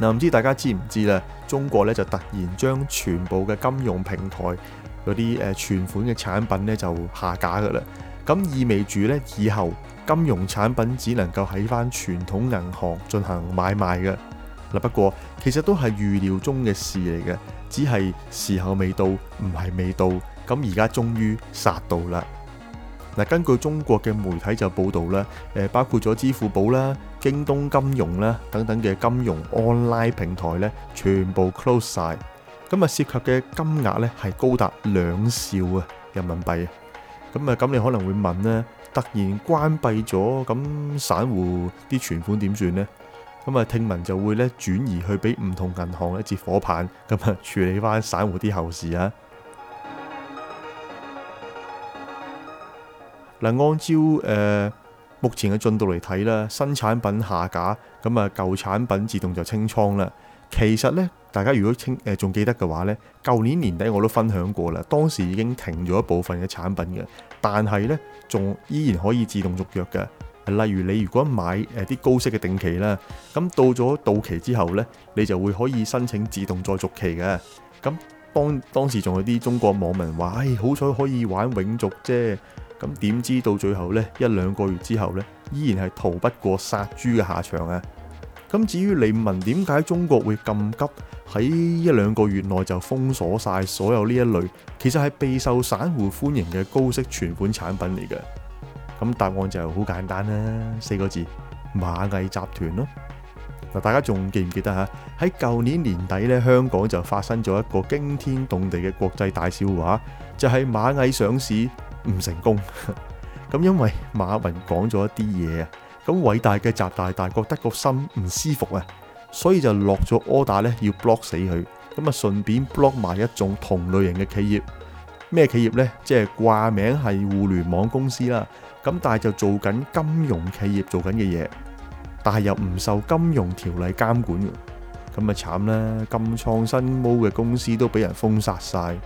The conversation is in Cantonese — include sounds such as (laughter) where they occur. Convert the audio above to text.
嗱，唔知大家知唔知呢中國咧就突然將全部嘅金融平台嗰啲誒存款嘅產品咧就下架㗎喇。咁意味住咧，以後金融產品只能夠喺返傳統銀行進行買賣嘅。嗱，不過其實都係預料中嘅事嚟嘅，只係時候未到，唔係未到，咁而家終於殺到啦。嗱，根據中國嘅媒體就報道咧，誒包括咗支付寶啦、京東金融啦等等嘅金融 online 平台咧，全部 close 晒，咁啊，涉及嘅金額咧係高達兩兆啊人民幣啊。咁啊，咁你可能會問咧，突然關閉咗，咁散戶啲存款點算咧？咁啊，聽聞就會咧轉移去俾唔同銀行一截火棒，咁啊處理翻散戶啲後事啊。嗱，按照誒、呃、目前嘅進度嚟睇啦，新產品下架，咁啊舊產品自動就清倉啦。其實呢，大家如果清誒仲、呃、記得嘅話呢，舊年年底我都分享過啦，當時已經停咗一部分嘅產品嘅，但係呢，仲依然可以自動續約嘅、呃。例如你如果買誒啲、呃、高息嘅定期啦，咁到咗到期之後呢，你就會可以申請自動再續期嘅。咁當當時仲有啲中國網民話：「唉，好彩可以玩永續啫。」咁點知到最後呢，一兩個月之後呢，依然係逃不過殺豬嘅下場啊！咁至於你問點解中國會咁急喺一兩個月內就封鎖晒所有呢一類，其實係備受散戶歡迎嘅高息存款產品嚟嘅。咁答案就好簡單啦，四個字：螞蟻集團咯。大家仲記唔記得吓？喺舊年年底呢，香港就發生咗一個驚天動地嘅國際大笑話，就係螞蟻上市。唔成功，咁 (laughs) 因為馬雲講咗一啲嘢啊，咁偉大嘅習大大覺得個心唔舒服啊，所以就落咗 order 咧，要 block 死佢，咁啊順便 block 埋一種同類型嘅企業，咩企業呢？即係掛名係互聯網公司啦，咁但係就做緊金融企業做緊嘅嘢，但係又唔受金融條例監管嘅，咁啊慘啦，咁創新猛嘅公司都俾人封殺晒。